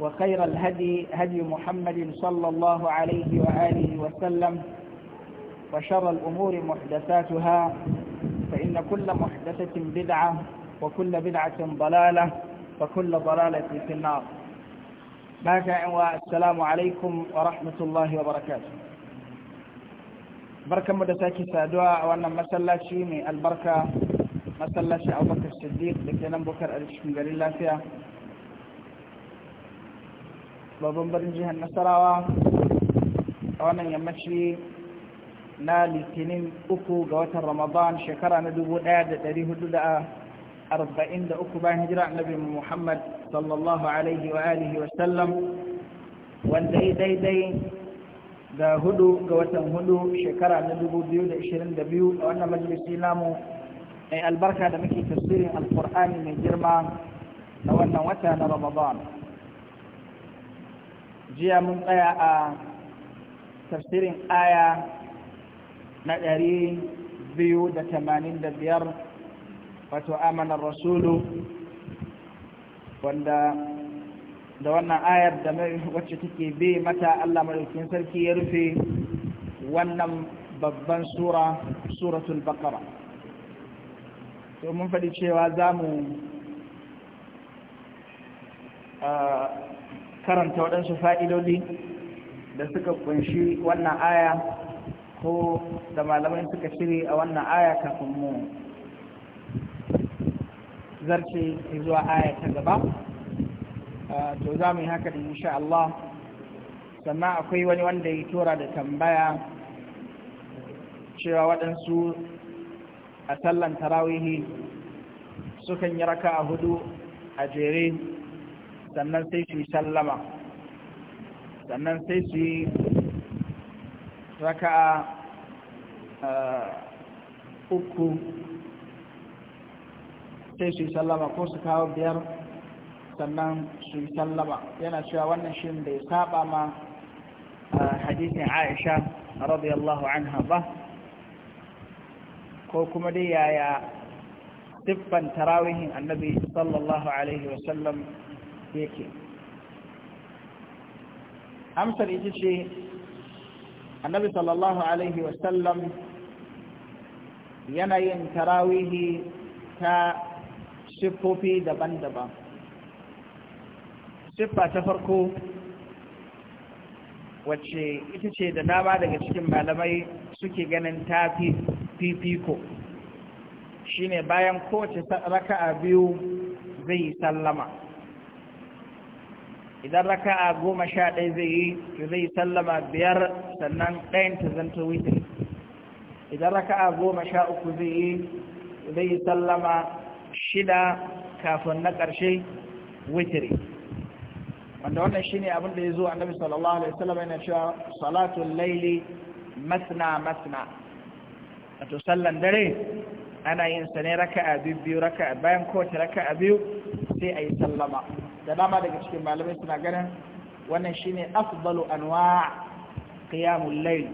وخير الهدي هدي محمد صلى الله عليه وآله وسلم وشر الأمور محدثاتها فإن كل محدثة بدعة وكل بدعة ضلالة وكل ضلالة في النار باكع والسلام عليكم ورحمة الله وبركاته بركة مدساكي سادعاء وانا ما من البركة مسلاشي أو بكر الصديق لكي ننبكر الشمال الله فيها babban birnin jihar nasarawa a wannan yammaci na litinin uku ga watan ramadan shekara na dubu daya da dari hudu da arba'in da uku bayan hijira annabi muhammad sallallahu alaihi wa alihi wa sallam wanda ya daidai da hudu ga watan hudu shekara na dubu biyu da ishirin da biyu a wannan majalisi namu mai albarka da muke tafsirin alkur'ani mai girma na wannan wata na ramadan jiya mun tsaya a tafsirin aya na ɗari biyu da tamanin da biyar wato amanar rasulu wanda da wannan ayar da wacce take bi mata Allah madaukakin sarki ya rufe wannan babban sura suratul baqara to mun faɗi cewa za mu karanta waɗansu fa'idodi da suka kunshi wannan aya ko da malamai suka shiri a wannan aya kafin mu zarce zuwa aya ta gaba to za mu yi haka da insha Allah sannan akwai wani wanda ya tura da tambaya cewa waɗansu a sallan tarawihi sukan yi raka a hudu a jere sannan sai su yi sallama sannan sai su yi raka'a eh, uku sai su yi sallama ko su kawo biyar sannan su yi sallama yana cewa wannan shi bai saba ma eh, hadisin aisha radiyallahu anha ba ko kuma dai yaya siffan tarawihin annabi sallallahu alaihi wasallam yake amsar ita ce annabi sallallahu alaihi wasallam yanayin tarawihi ta siffofi daban-daban siffa ta farko wacce ita ce da dama daga cikin malamai suke ganin ta fifiko shine bayan kowace raka'a biyu zai yi sallama إذا ركع قوم شاد زي زي سلم بير سنن قين تزنت ويتر إذا ركع قوم شاء كذي زي سلم شدا كافن نكر شيء ويتر عندما نشيني أبن ليزو النبي صلى الله عليه وسلم إن شاء صلاة الليل مثنى مثنى أتسلم دري أنا إنساني ركع بيو ركع بيو ركع بيو سي أي سلمة da dama daga cikin malamai suna ganin wannan shine afdalu anwa qiyamul layl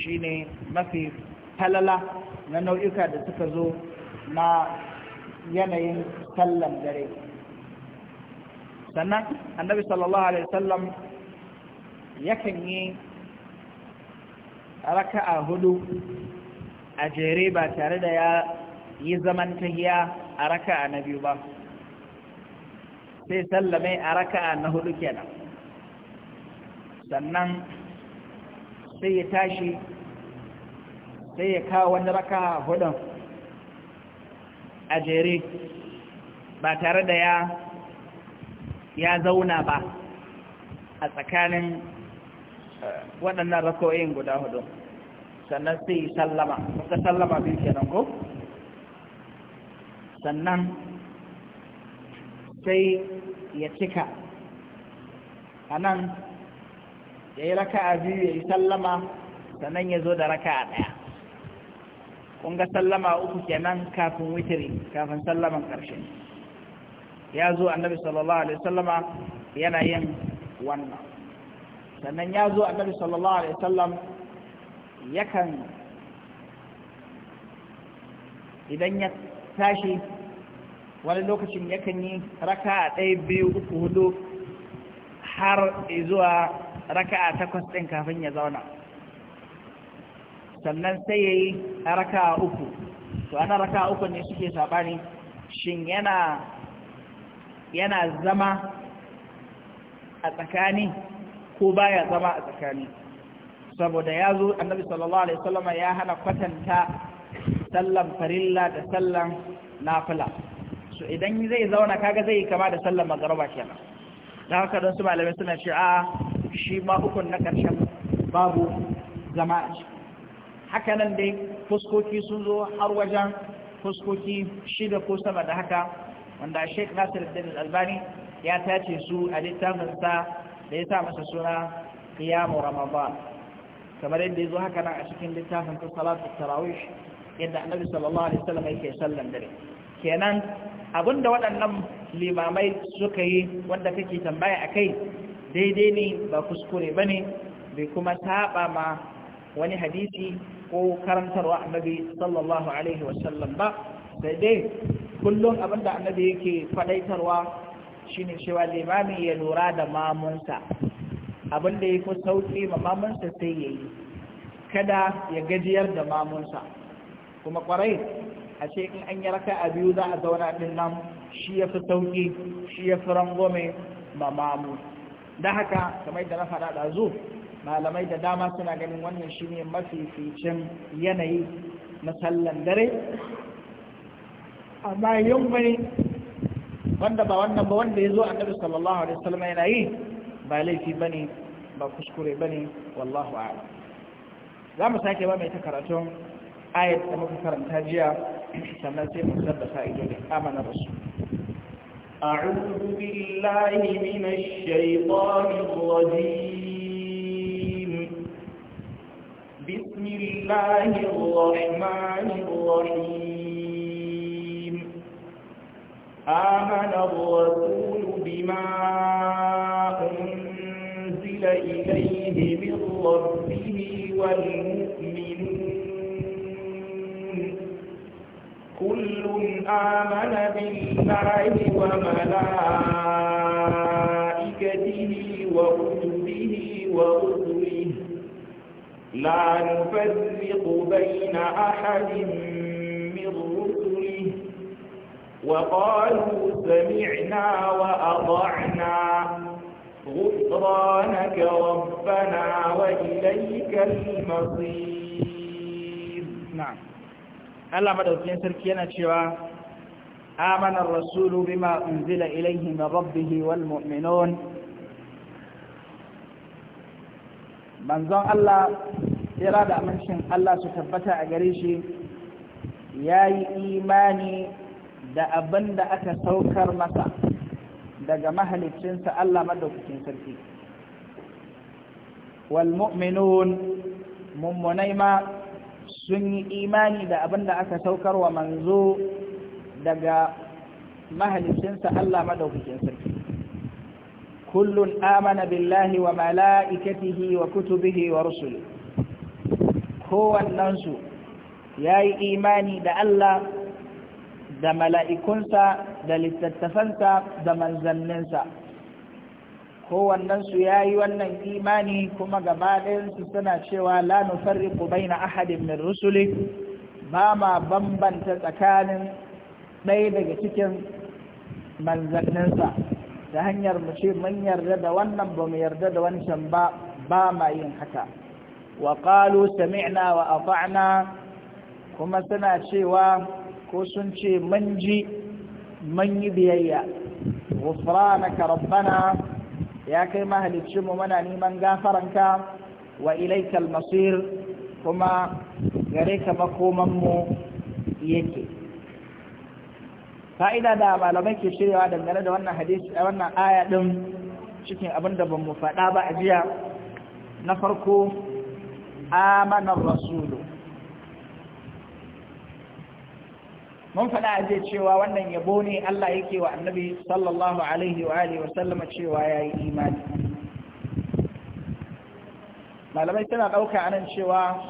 shine mafi falala na nau'ika da suka zo na yanayin sallan dare sannan annabi sallallahu alaihi wasallam yakan yi raka'a hudu a jere ba tare da ya yi zaman tahiya a raka'a na biyu ba sai sallame a raka'a na hudu kenan sannan sai ya tashi sai ya kawo wani raka'a hudun a jere ba tare da ya ya zauna ba a tsakanin eh, waɗannan rakoyin guda hudu sannan sai sallama kuka sallama biyu kenan ko sannan sai ya cika a nan ya yi raka'a biyu ya yi sallama sannan ya zo da raka'a ɗaya kun ga sallama uku kenan kafin witiri kafin sallaman ƙarshe ya zo annabi sallallahu alaihi sallama yana yin wannan sannan ya zo annabi sallallahu alaihi sallam yakan idan ya tashi wani lokacin yakan yi raka a ɗaya biyu uku hudu har zuwa a takwas ɗin kafin ya zauna sannan sai ya yi a uku to ana a uku ne suke saɓani shin yana zama a tsakani ko baya zama a tsakani saboda ya zo annabi sallallahu alaihi wasallama ya hana kwatanta sallan farilla da sallan nafila so idan zai zauna kaga zai kama da sallar magaraba kenan da haka don su malamai suna ce a shi ma ukun na ƙarshen babu zama a ciki haka nan dai fuskoki sun zo har wajen fuskoki shida ko sama da haka wanda sheik nasir din albani ya tace su a littafinsa da ya sa masa suna qiyamu ramadan kamar yadda ya zo haka nan a cikin littafin ta salatu tarawih yadda annabi sallallahu alaihi wasallam yake sallan dare kenan abinda waɗannan limamai suka yi wanda kake tambaya a kai daidai ne ba kuskure ba ne bai kuma saba ma wani hadisi ko karantarwa annabi sallallahu alaihi wasallam ba sai dai kullum abinda annabi yake faɗaitarwa shine cewa limami ya lura da mamunsa abinda ya fi sauƙi ma mamunsa sai ya yi kada ya gajiyar da mamunsa kuma kwarai ashe in an yi raka a biyu za a zauna ɗin nan shi ya fi sauƙi shi ya fi rangome ma mamu da haka kamar da na faɗa malamai da dama suna ganin wannan shi ne mafi ficin yanayi na sallan dare amma yin mai wanda ba wannan ba wanda ya zo annabi sallallahu alaihi wasallam yana yi ba laifi bane ba kuskure bane wallahu a'lam za mu sake ba mai ta karatun ayat da muka karanta jiya sannan sai mu آمن الرسول أعوذ بالله من الشيطان الرجيم بسم الله الرحمن الرحيم آمن الرسول بما أنزل إليه من ربه والمؤمنين كل آمن بالله وملائكته وكتبه ورسله لا نفرق بين أحد من رسله وقالوا سمعنا وأطعنا غفرانك ربنا وإليك المصير نعم Allah madaukakin sarki yana cewa آمن الرسول unzila أنزل ma من wal mu'minun manzon Allah tsira da amincin Allah su tabbata a gare shi ya yi imani da abin aka saukar masa daga mahalicinsa Allah madaukakin sarki wal mu'minun mummunai ma sun yi imani da abin da aka saukar wa manzo daga mahalicinsa Allah madaukakin sarki kullun amana billahi wa mala'ikatihi wa kutubihi wa rusuli kowannensu ya yi imani da Allah da mala'ikunsa da littattafansa da manzanninsa kowannensu ya yi wannan imani kuma gaba ɗayansu suna cewa la nufarriqu ahadin min rusuli ba ma bambanta tsakanin ɗaya daga cikin manzanninsa ta hanyar mu ce mun yarda da wannan ba mu yarda da wancan ba ba ma yin haka wa qalu sami'na wa ata'na kuma suna cewa ko sun ce mun ji mun yi biyayya ghufranaka rabbana ya kai mu mana neman gafaranka wa ilaikal masir kuma gare ka makomanmu yake fa'ida da malamai ke shiryawa dangane da wannan hadisi a wannan aya din cikin abin da ban mu faɗa ba a jiya na farko amanar rasul mun faɗa a je cewa wannan yabo ne Allah yake wa annabi sallallahu alaihi wa alihi wa sallama cewa ya yi imani malamai suna ɗauka anan cewa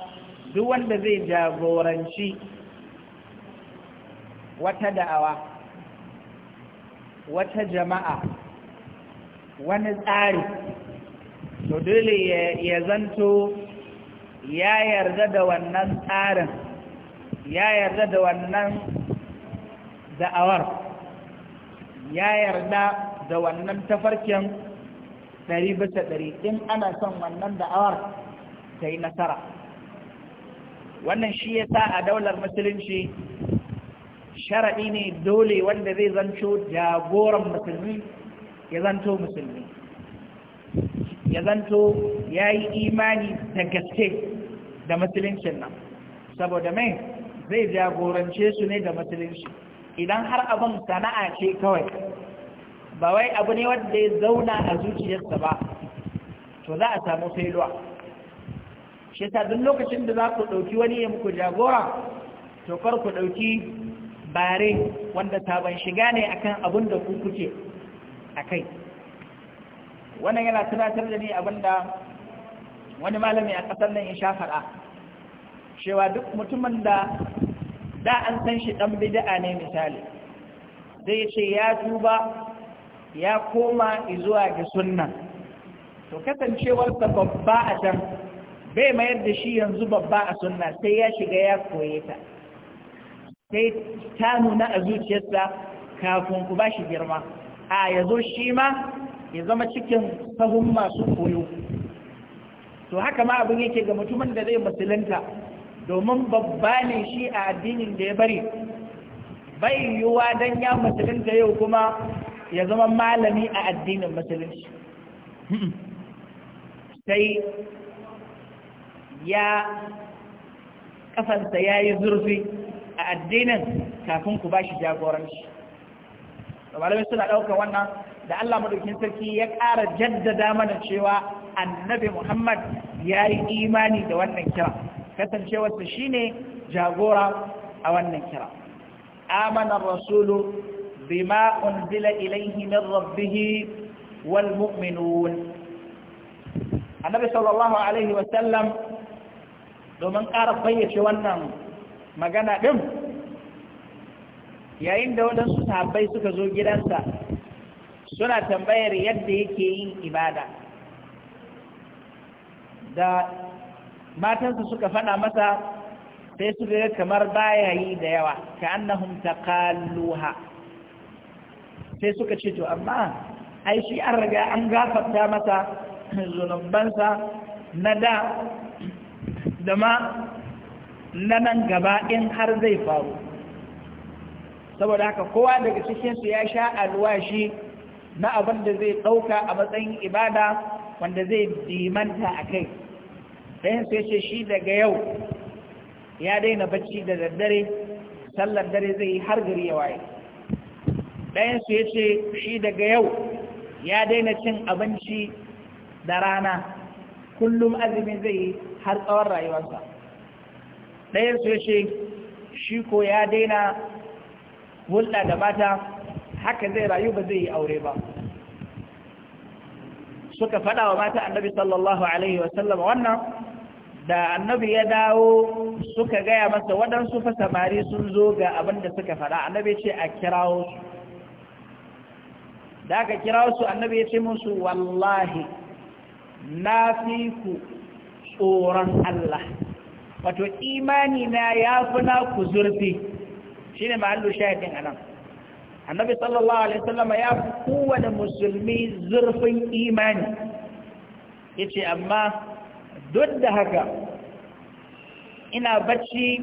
duk wanda zai jagoranci wata da'awa wata jama'a wani tsari to dole ya zanto ya yarda da wannan tsarin ya yarda da wannan da'awar ya yarda da wannan tafarkin ɗari bisa ɗari in ana son wannan da'awar ta yi nasara wannan shi ya sa a daular musulunci sharaɗi ne dole wanda zai zanto jagoran musulmi ya zanto musulmi ya zanto ya yi imani ta gaske da musuluncin nan saboda mai zai jagorance su ne da musulunci idan har abin sana'a ce kawai ba wai abu ne wanda ya zauna a zuciyarsa ba to za a samu failuwa shi ta duk lokacin da za ku ɗauki wani ya muku jagora to kar ku ɗauki bare wanda taban shiga ne akan abin da ku kuke a kai wannan yana tunatar da ni abin da wani malami a ƙasar nan ya sha faɗa cewa duk mutumin da da an san shi ɗan bida'a ne misali zai ce ya duba ya koma zuwa ga sunna to kasancewarsa babba a can bai mayar da shi yanzu babba a sunna sai ya shiga ya koye ta sai ta nuna a zuciyarsa kafin ku ba shi girma a ya zo shi ma ya zama cikin sahun masu koyo to haka ma abin yake ga mutumin da zai musulunta domin babba ne shi a addinin da ya bari bai yiwuwa don ya musulunta yau kuma ya zama malami a addinin musulunci sai ya kafansa ya yi zurfi a addinin kafin ku ba shi jagoranci malamai suna ɗaukar wannan da Allah madaukin sarki ya ƙara jaddada mana cewa annabi Muhammad ya yi imani da wannan kira kasancewarsa shine jagora a wannan kira amana rasulu bima unzila ilayhi min rabbih wal mu'minun annabi sallallahu alaihi wa sallam domin ƙara bayyace wannan magana din yayin da waɗansu sahabbai suka zo gidansa suna tambayar yadda yake yin ibada da matansa suka faɗa masa sai su ga kamar baya yi da yawa ka annahum taqalluha sai suka ce to amma ai shi an riga an gafarta masa zunubansa na da da ma na nan gaba in har zai faru saboda haka kowa daga cikin su ya sha alwashi na abin da zai ɗauka a matsayin ibada wanda zai dimanta a kai fahimta ce shi daga yau ya daina bacci da daddare sallar dare zai yi har gari ya waye ɗayan ya ce shi daga yau ya daina cin abinci da rana kullum azumi zai yi har tsawon rayuwarsa ɗayan su ya ce shi ko ya daina hulɗa da mata haka zai rayu ba zai yi aure ba suka faɗa wa mata annabi sallallahu alaihi wasallam wannan da annabi ya dawo suka gaya masa waɗansu fa samari sun zo ga abin da suka faɗa annabi ce a kirawo su da aka kirawo su annabi ya ce musu wallahi na fi ku tsoron Allah wato imani na ya fi na ku zurfi shi ne mahallu shahidin anan annabi sallallahu alaihi wasallam ya fi kowane musulmi zurfin imani ya ce amma duk da haka ina bacci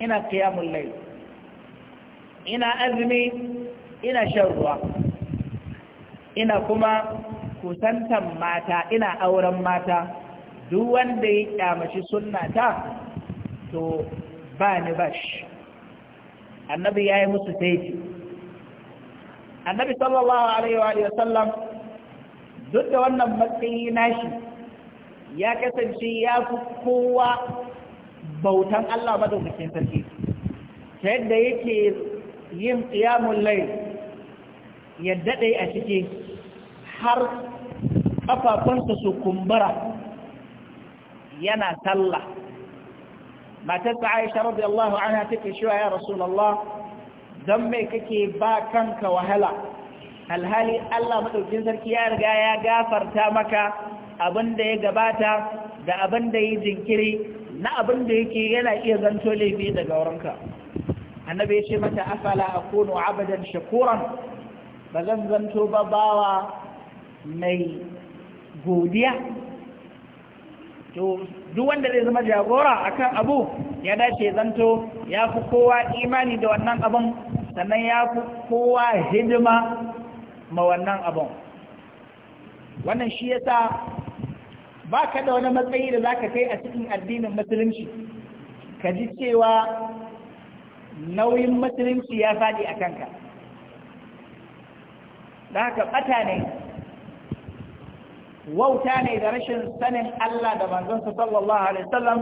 ina kiyamun lai ina azumi ina shan ruwa ina kuma kusantan mata ina auren mata duk wanda ya kyamaci sunnata to ba ni bashi annabi ya yi musu taiti annabi sallallahu alaihi wa sallam duk da wannan matsayi nashi ya kasance ya fi kowa bautan Allah madaukakin sarki ta yadda yake yin tsiyamun lai ya daɗe a ciki har ƙafafunsa su kumbura yana talla matarsa aisha radiyallahu anha take shiwa ya rasulallah don mai kake ba kanka wahala alhali Allah madaukakin sarki ya riga ya gafarta maka abin da ya gabata da abin da ya jinkiri na abin da yake yana iya zanto laifi daga wurinka annabi ya ce mata afala akunu abadan shakuran ba zan zanto ba bawa mai godiya to duk wanda zai zama jagora akan abu ya dace zanto ya fi kowa imani da wannan abin sannan ya fi kowa hidima ma wannan abin wannan shi yasa ba ka da wani matsayi da za ka kai a cikin addinin musulunci ka ji cewa nauyin musulunci ya faɗi a kanka da haka ɓata ne wauta ne da rashin sanin Allah da su sallallahu alaihi wasallam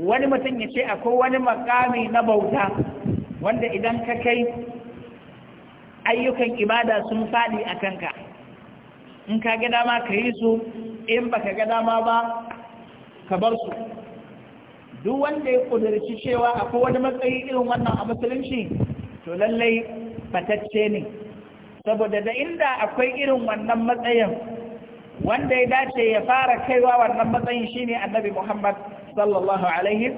wani mutum ya ce akwai wani makami na bauta wanda idan ka kai ayyukan ibada sun faɗi a kanka in ka gida ma ka yi su in ba ka ga dama ba ka bar su duk wanda ya kudurci cewa akwai wani matsayi irin wannan a musulunci to lallai batacce ne saboda da inda akwai irin wannan matsayin wanda ya dace ya fara kaiwa wannan matsayin shine annabi Muhammad sallallahu alaihi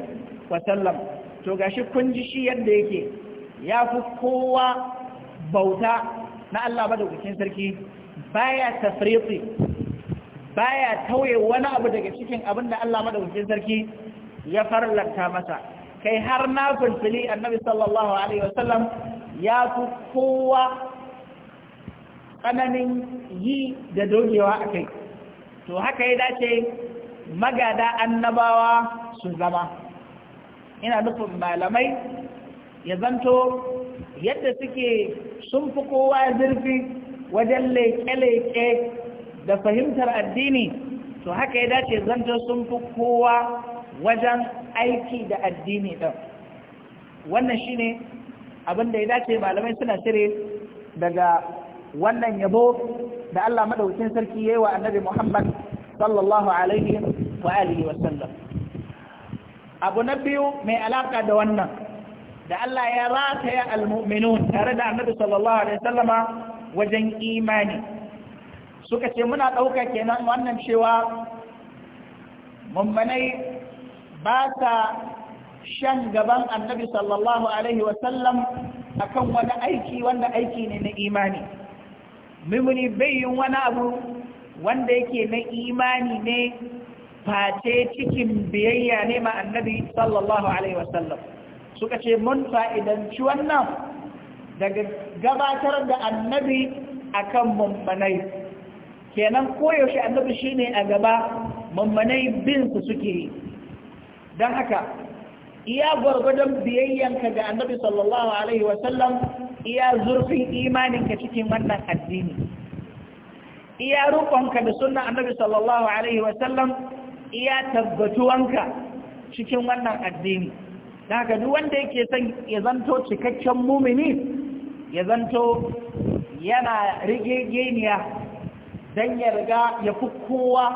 wasallam to gashi kun ji shi yadda yake ya fi kowa bauta na Allah madaukakin sarki baya tafriqi baya tauye wani abu daga cikin abin da Allah madaukakin sarki ya farlanta masa kai har na fulfili annabi sallallahu alaihi wasallam ya fi kowa tsananin yi da dogewa a kai to haka ya dace magada annabawa su zama ina nufin malamai ya zanto yadda suke sun fi kowa zurfi wajen leƙe-leƙe da fahimtar addini to haka ya dace zanto sun fi kowa wajen aiki da addini ɗin wannan shine abin da ya dace malamai suna cire daga wannan yabo da Allah madaukin sarki yi wa annabi Muhammad sallallahu alaihi wa alihi wa sallam abu na biyu mai alaƙa da wannan da Allah ya rataya almu'minun tare da annabi sallallahu alaihi sallama wajen imani suka ce muna ɗauka kenan wannan cewa mummanai ba sa shan gaban annabi sallallahu alaihi wasallam a kan wani aiki wanda aiki ne na imani mimuni bayin wani abu wanda yake na imani ne face cikin biyayya ne ma annabi sallallahu alaihi wasallam suka ce mun fa'idanci wannan daga gabatar da annabi akan mummanai kenan koyaushe annabi shine a gaba mammanai bin su suke yi don haka iya gwargwadon biyayyanka ga annabi sallallahu alaihi wasallam iya zurfin imaninka cikin wannan addini iya rukonka da sunan annabi sallallahu alaihi wasallam iya tabbatuwanka cikin wannan addini don haka duk wanda yake son ya zanto cikakken mumini ya zanto yana rigegeniya Dan ya riga ya fi kowa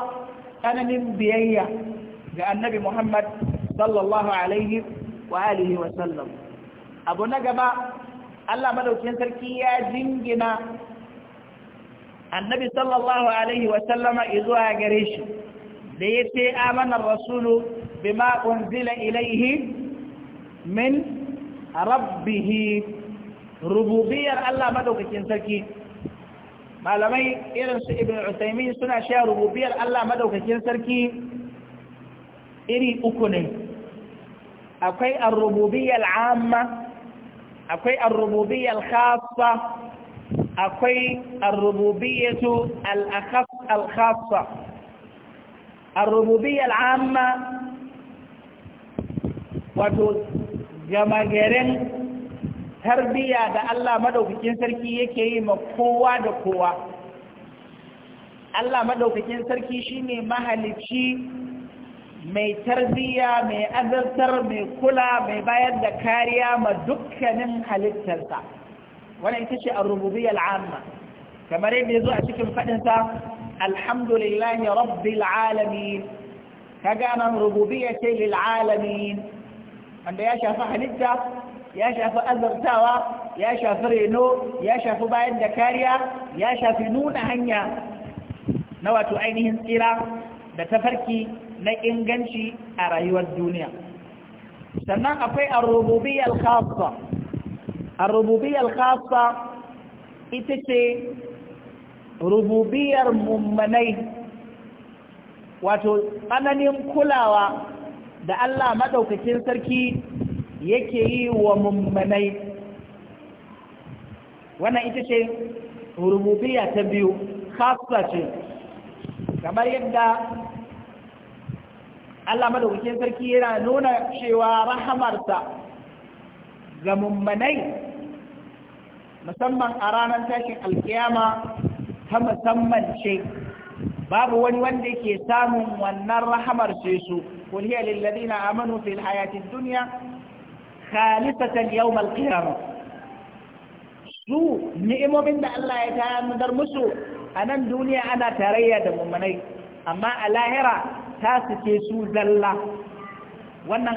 tsananin biyayya ga annabi Muhammad sallallahu alaihi wa alihi wa sallam abu na gaba Allah madaukin sarki ya jingina annabi sallallahu alaihi wa sallama zuwa gare shi da ya ce amanar rasulu bima unzila ilaihi min rabbihi rububiyar Allah madaukakin sarki malamai irin su ibn usaimin suna sha rububiyar Allah madaukakin sarki iri uku ne akwai ar-rububiyyal amma akwai ar-rububiyyal khassa akwai ar-rububiyyatu al-akhass al-khassa ar-rububiyyal amma wato gamagarin tarbiya da Allah maɗaukakin sarki yake yi ma kowa da kowa Allah maɗaukakin sarki shine mahalicci mai tarbiya mai azartar mai kula mai bayar da kariya ma dukkanin halittarsa Wani ita ce a rububiyyah al'amma kamar yadda yazo a cikin fadin sa alhamdulillahi rabbil alamin kaga nan rububiyya ce lil wanda ya shafi halitta ya shafi azartawa ya shafi reno ya shafi bayan da kariya ya shafi nuna hanya na wato ainihin tsira da tafarki na inganci a rayuwar duniya sannan akwai arububiyar khassa arububiyar khassa ita ce rububiyar mummanai wato tsananin kulawa da Allah maɗaukakin sarki yake yi wa mummanai wannan ita ce rububiya ta biyu khassa ce kamar yadda Allah madaukakin sarki yana nuna cewa rahamarsa ga mummanai musamman a ranar tashin alkiyama ta musamman ce babu wani wanda ke samun wannan rahamar ce su kulhiyar lillazina amanu fil hayatin duniya خ يوم القيامة ل ق ي ا م ة سوء نئمو من الله تعالى من درمسو انا الدنيا انا تريا دمومني اما ا ل ا ه ر ة تاسس يسوع زلا وانا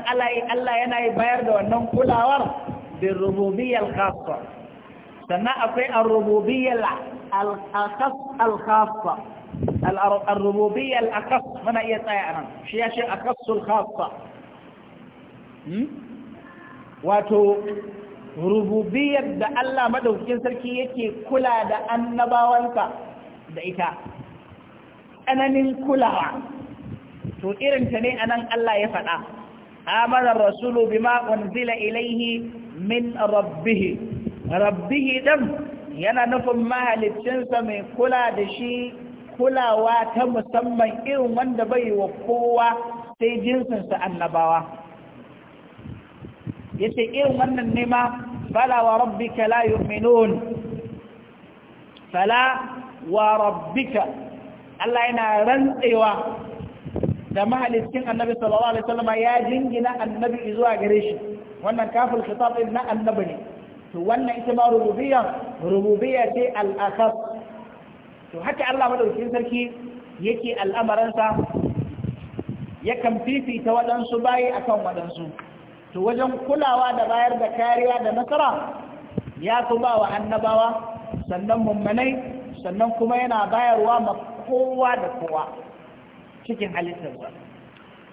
الله ينا يبارد وانا كل اور ب ا ل ر ب و ب ي ة ا ل خ ا ص ة سناء في ا ل ر ب و ب ي ة الاخص ا ل خ ا ص ة ا ل ر ب و ب ي ة الاخص من ايه ط ي ع ن ا شيء اخص الخاصة ل خ ا wato rububiyar da Allah Madaukin sarki yake kula da annabawansa da ita tsananin kulawa to irinta ne anan Allah ya faɗa amara rasulu bima unzila ilaihi min rabbihi rabbihi dan yana nufin mahaliccinsa mai kula da shi kulawa ta musamman irin wanda bai wa kowa sai jinsinsa annabawa yace irin wannan nema bala wa rabbika la yu'minun fala wa rabbika Allah yana rantsewa da mahaliskin annabi sallallahu alaihi wasallam ya jingina annabi zuwa gare shi wannan kafin khitab din na annabi ne to wannan ita ma rububiyya rububiyya ce al-akhas to haka Allah madaukakin sarki yake al'amaransa ya kan fifita waɗansu bayi akan waɗansu to wajen kulawa da bayar da kariya da nasara ya fi ba wa annabawa sannan mummanai sannan kuma yana bayarwa ma kowa da kowa cikin halittarsa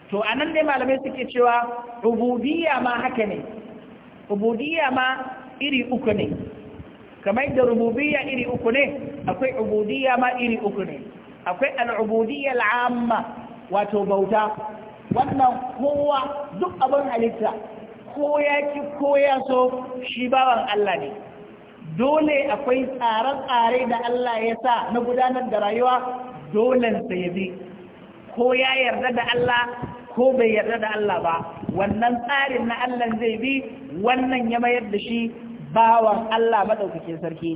to a nan dai malamai suke cewa rububiyya ma haka ne rububiyya ma iri uku ne kamar da rububiyya iri uku ne akwai ubudiyya ma iri uku ne akwai al'ubudiyya al'amma wato bauta wannan kowa duk abin halitta ko ya ki ko ya so shi bawan Allah ne dole akwai tsare-tsare da Allah ya sa na gudanar da rayuwa dolen ya bi ko ya yarda da Allah ko bai yarda da Allah ba wannan tsarin na Allah zai bi wannan ya mayar da shi bawan Allah madaukakin sarki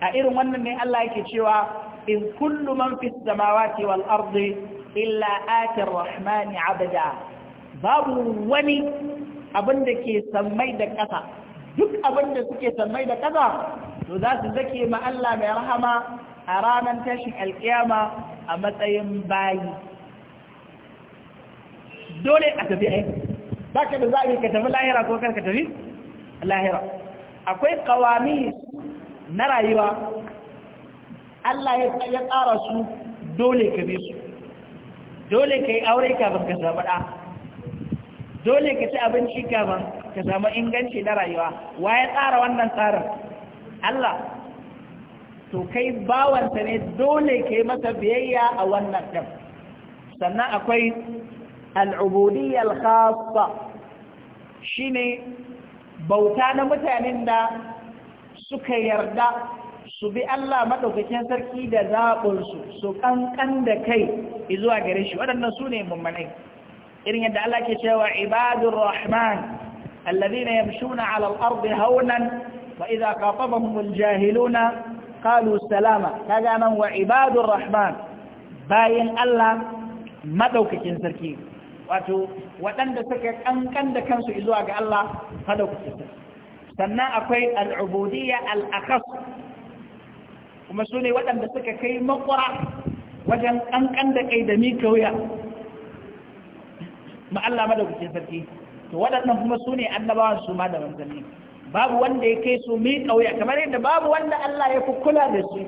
a irin wannan ne Allah yake cewa in kullu man fis samawati wal ardi illa atir rahmani abada babu wani abin da ke sammai da ƙasa duk abin da suke sammai da ƙasa to za su zake ma Allah mai rahama a ranar tashin alƙiyama a matsayin bayi dole a tafi aiki ba ka da za a yi ka tafi lahira ko kar ka tafi lahira akwai kawami na rayuwa Allah ya tsara su dole ka bi su dole ka yi aure kafin ka samu ɗa dole ka ci abinci kafin ka samu inganci na rayuwa wa ya tsara wannan tsarin Allah to kai bawansa ne dole ka yi masa biyayya a wannan ɗin sannan akwai al'ubudiyyar khasa shi ne bauta na mutanen da suka yarda su bi Allah madaukakin sarki da zaɓinsu su su kankan da kai zuwa gare shi waɗannan su ne mummanai irin yadda Allah ke cewa ibadur rahman allazina yamshuna ala al-ardi hawnan wa idha khatabahum al-jahiluna qalu salama kaga nan wa ibadur rahman bayin Allah madaukakin sarki wato waɗanda suka kankan da kansu zuwa ga Allah madaukakin sarki sannan akwai al-ubudiyya al-akhas kuma su ne waɗanda suka kai makwara wajen ƙanƙan da kai da mika wuya ma Allah madaukakin sarki to waɗannan kuma su ne annabawan su ma da manzanni babu wanda ya kai su mika wuya kamar yadda babu wanda Allah ya fi kula da su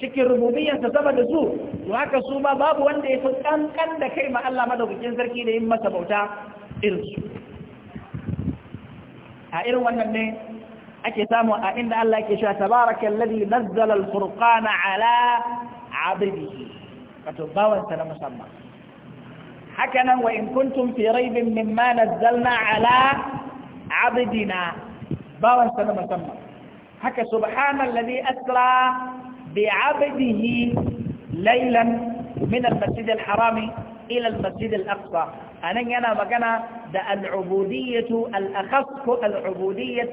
cikin rububiyarsa sama da su to haka su ma babu wanda ya fi ƙanƙan da kai ma Allah madaukakin sarki da yin masa bauta irin su? a irin wannan ne أكي سامو أئن الله كشاء تبارك الذي نزل الفرقان على عبده فتباوة سلام سمع حكنا وإن كنتم في ريب مما نزلنا على عبدنا باوة سلام سمع حكى سبحان الذي أسرى بعبده ليلا من المسجد الحرام إلى المسجد الأقصى أنا هنا مكانا ده العبودية الأخص العبودية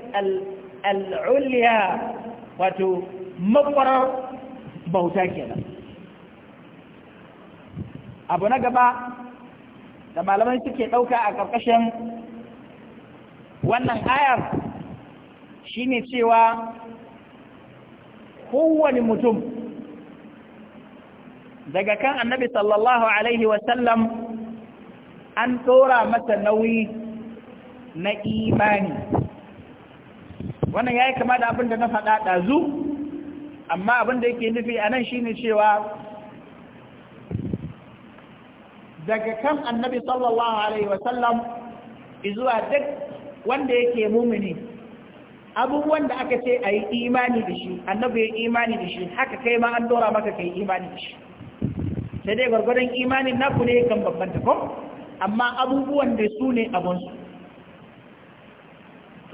al'uliya wato makwarar bauta kenan abu na gaba da malamai suke ɗauka a ƙarƙashin wannan ayar shine cewa kowane mutum daga kan annabi sallallahu alaihi wasallam an tsora masa nauyi na imani wannan ya yi kama da abin da na faɗa ɗazu amma abin da yake nufi a nan shi ne cewa daga kan annabi sallallahu alaihi wasallam izuwa duk wanda yake mumini abubuwan da aka ce a yi imani da shi annabi ya imani da shi haka kai ma an dora maka kai imani da shi sai dai gwargwadon imanin naku ne kan babban ko amma abubuwan da su ne abunsu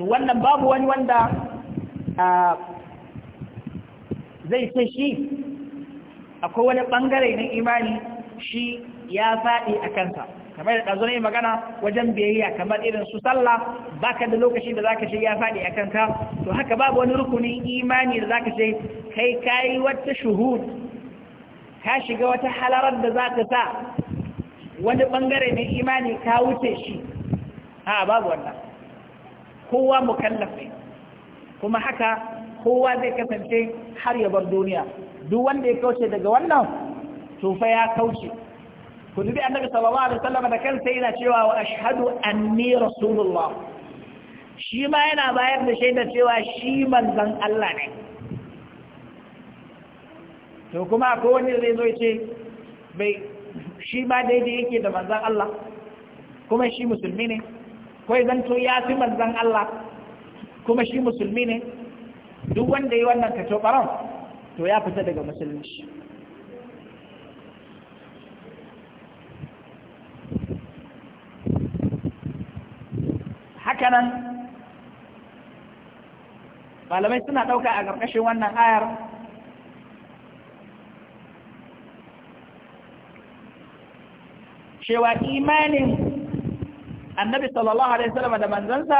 to wannan babu wani wanda zai ce shi akwai wani bangare na imani shi ya faɗi a kansa kamar da ɗazo magana wajen biyayya kamar irin su sallah baka da lokaci da zaka ce ya faɗi a kanka to haka babu wani rukunin imani da zaka ce kai kayi wata shuhud ka shiga wata halarar da zaka sa wani bangare na imani ka wuce shi ha babu wannan kowa mukallaf ne kuma haka kowa zai kasance har ya bar duniya duk wanda ya kauce daga wannan tufa ya kauce ku dubi annabi sallallahu alaihi wasallam da kansa yana cewa wa ashhadu anni rasulullah shi ma yana bayar da shaidar cewa shi manzon Allah ne to kuma ko wani zai zo ce bai shi ma daidai yake da manzon Allah kuma shi musulmi ne ko zan zanto ya fi manzan Allah kuma shi musulmi ne duk wanda yi wannan kato ɓaran to ya fita daga musulunci hakanan malamai suna ɗauka a ƙarƙashin wannan ayar cewa imanin annabi sallallahu alaihi wasallam da manzansa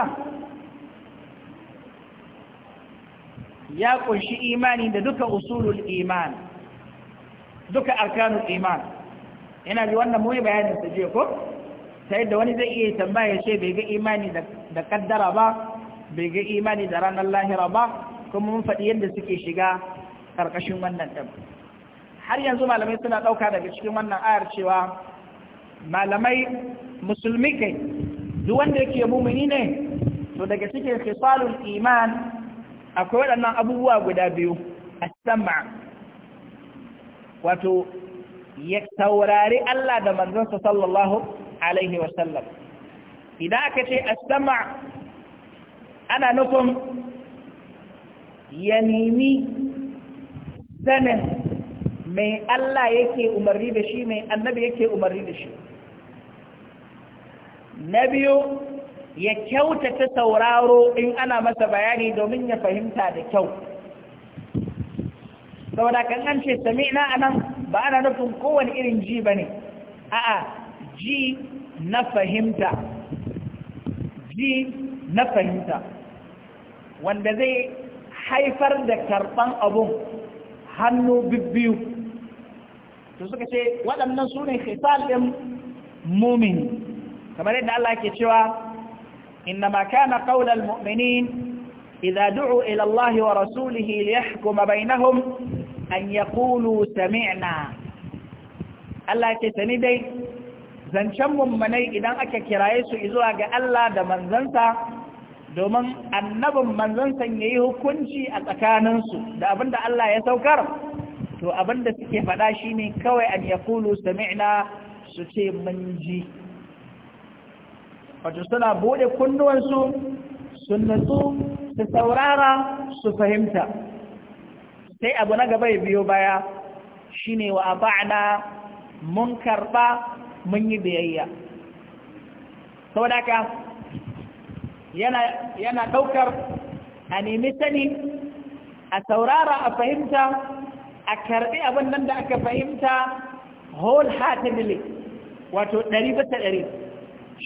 ya kunshi imani da duka usulul iman duka arkanul iman ina ji wannan muni bayanin su je ko ta yadda wani zai iya tambaya ya ce bai ga imani da kaddara ba bai ga imani da ranar lahira ba kuma mun faɗi yadda suke shiga ƙarƙashin wannan ɗin har yanzu malamai suna ɗauka daga cikin wannan ayar cewa malamai musulmi kai duk wanda yake mumini ne to daga cikin khisalul iman akwai waɗannan abubuwa guda biyu as-sam'a wato ya saurari Allah da manzansa sallallahu alaihi wa sallam idan aka ce as-sam'a ana nufin ya nemi sanin mai Allah yake umarni da shi mai annabi yake umarni da shi na biyu ya kyautata sauraro in ana masa bayani domin ya fahimta da kyau saboda kan an ce sami'na anan ba ana nufin kowane irin ji ba ne a'a ji na fahimta ji na fahimta wanda zai haifar da karɓan abun hannu bibbiyu to suka ce waɗannan su ne ɗin mumini kamar yadda Allah ke cewa innama kana ƙaunar mu'minin idza du'u ila Allah wa rasulihi liyahkum bainahum an yaqulu sami'na Allah ke sani dai zancen mummunai idan aka kiraye su zuwa ga Allah da manzansa domin annabin manzansa ya yi hukunci a tsakaninsu da abinda Allah ya saukar to abinda suke faɗa shi ne kawai an yaƙulu sami'na su ce mun ji wato suna buɗe kunnuwansu su nutsu su saurara su fahimta sai abu na gaba ya biyo baya shine wa aba'na mun karba mun yi biyayya sau haka yana yana daukar a nemi sani a saurara a fahimta a karɓi abin nan da aka fahimta wholeheartedly wato ɗari bisa ɗari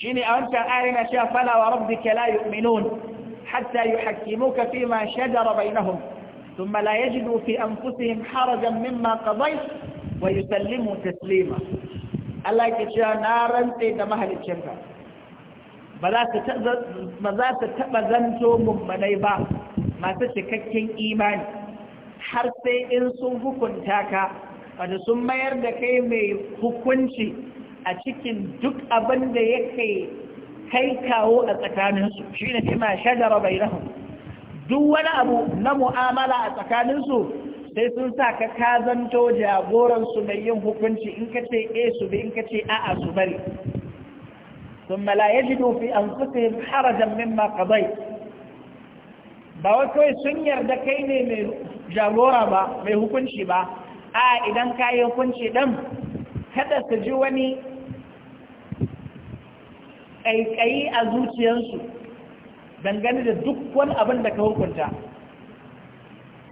shine a wancan ayar yana cewa fala wa ke la yu'minun hatta yuhakkimuka fima mala ya ji la yajidu fi anfusihim harajan ma qadayt wa yusallimu taslima Allah ke cewa na rantse da mahaliccinka ba za su taɓa zanto mummanai ba masu cikakken imani har sai in sun hukunta ka wadda sun mayar da kai mai hukunci a cikin duk abin da yake kai kawo a tsakaninsu shi ne kima shajara bai rahun duk wani abu na mu'amala a tsakaninsu sai sun sa ka kazanto jagoransu mai yin hukunci in ka ce e su bi in ka ce a'a su bari ثم لا fi في أنفسهم حرجا مما قضيت ba wai kawai sun yarda kai ne mai jagora ba mai hukunci ba a idan ka yi hukunci ɗin kada su ji wani ƙaiƙayi a zuciyarsu dangane da duk wani abin da ka hukunta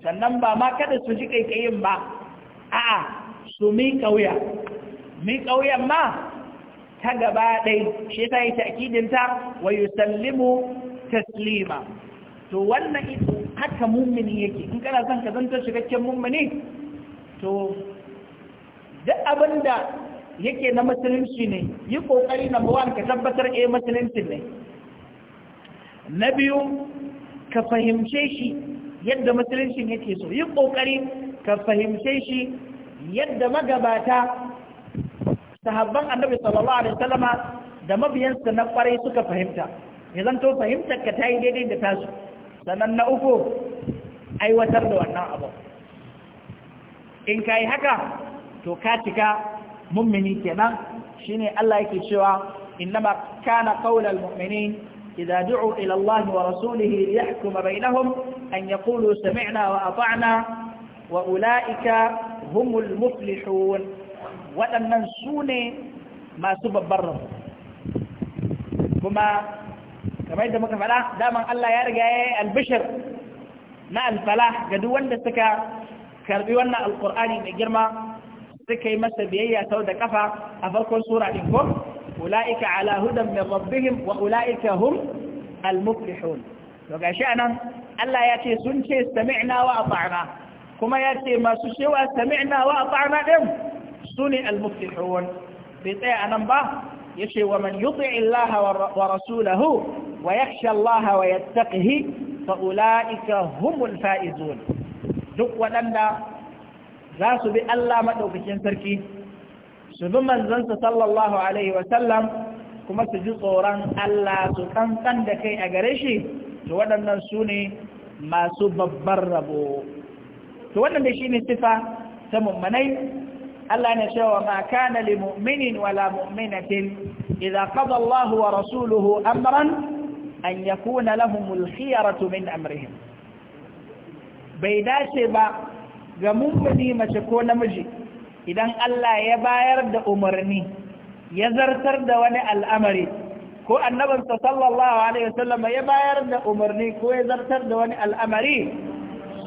sannan ba ma kada su ji ƙaiƙayin ba a'a su mi ƙauya mi ƙauyen ma ta gaba ɗai shi ta yi ta'kidinta wa ta taslima to wannan ito haka mummini yake in kana son ka zanto shigaccen mummini to duk abinda yake na musulunci ne yi kokari na bawan ka tabbatar eh musulunci ne na biyu ka fahimce shi yadda musulunci yake so yi kokari ka fahimce shi yadda magabata sahabban annabi sallallahu alaihi wasallama da mabiyansa na kwarai suka fahimta ya zanto fahimtar ka ta yi daidai da tasu sannan na uku aiwatar da wannan abu in ka yi haka to ka cika mummini kenan shine Allah yake cewa innama kana qaulal mu'minin idza du'u ila Allah wa rasulihi liyahkuma bainahum an yaqulu sami'na wa ata'na wa ulaika humul muflihun waɗannan sune masu babbar rabo kuma kamar da muka faɗa daman Allah ya riga ya yi albishir na alfalah ga duk wanda suka karbi wannan alkur'ani mai girma suka yi masa biyayya sau da kafa a farkon sura din ko ula'ika ala hudan min rabbihim wa ula'ika hum al-muflihun to gashi anan Allah ya ce sun ce sami'na wa ata'na kuma ya ce masu cewa sami'na wa ata'na din sune al-muflihun bai tsaya anan ba yace wa man yuti Allah wa rasulahu wa yakhsha Allah wa yattaqihi fa ula'ika humul faizun duk waɗanda za su bi Allah maɗaukakin sarki su bi manzansa sallallahu alaihi wasallam kuma su ji tsoron Allah su kankan da kai a gare shi to waɗannan su ne masu babbar rabo to wannan da shi ne sifa ta mummanai Allah ne cewa ma kana li mu'minin wala mu'minatin idza qada Allah wa rasuluhu amran an yakuna lahumul khiyaratu min amrihim bai dace ba ga mummuni mace ko namiji idan Allah ya bayar da umarni ya zartar da wani al'amari ko annabinsa sallallahu alaihi wasallam ya bayar da umarni ko ya zartar da wani al'amari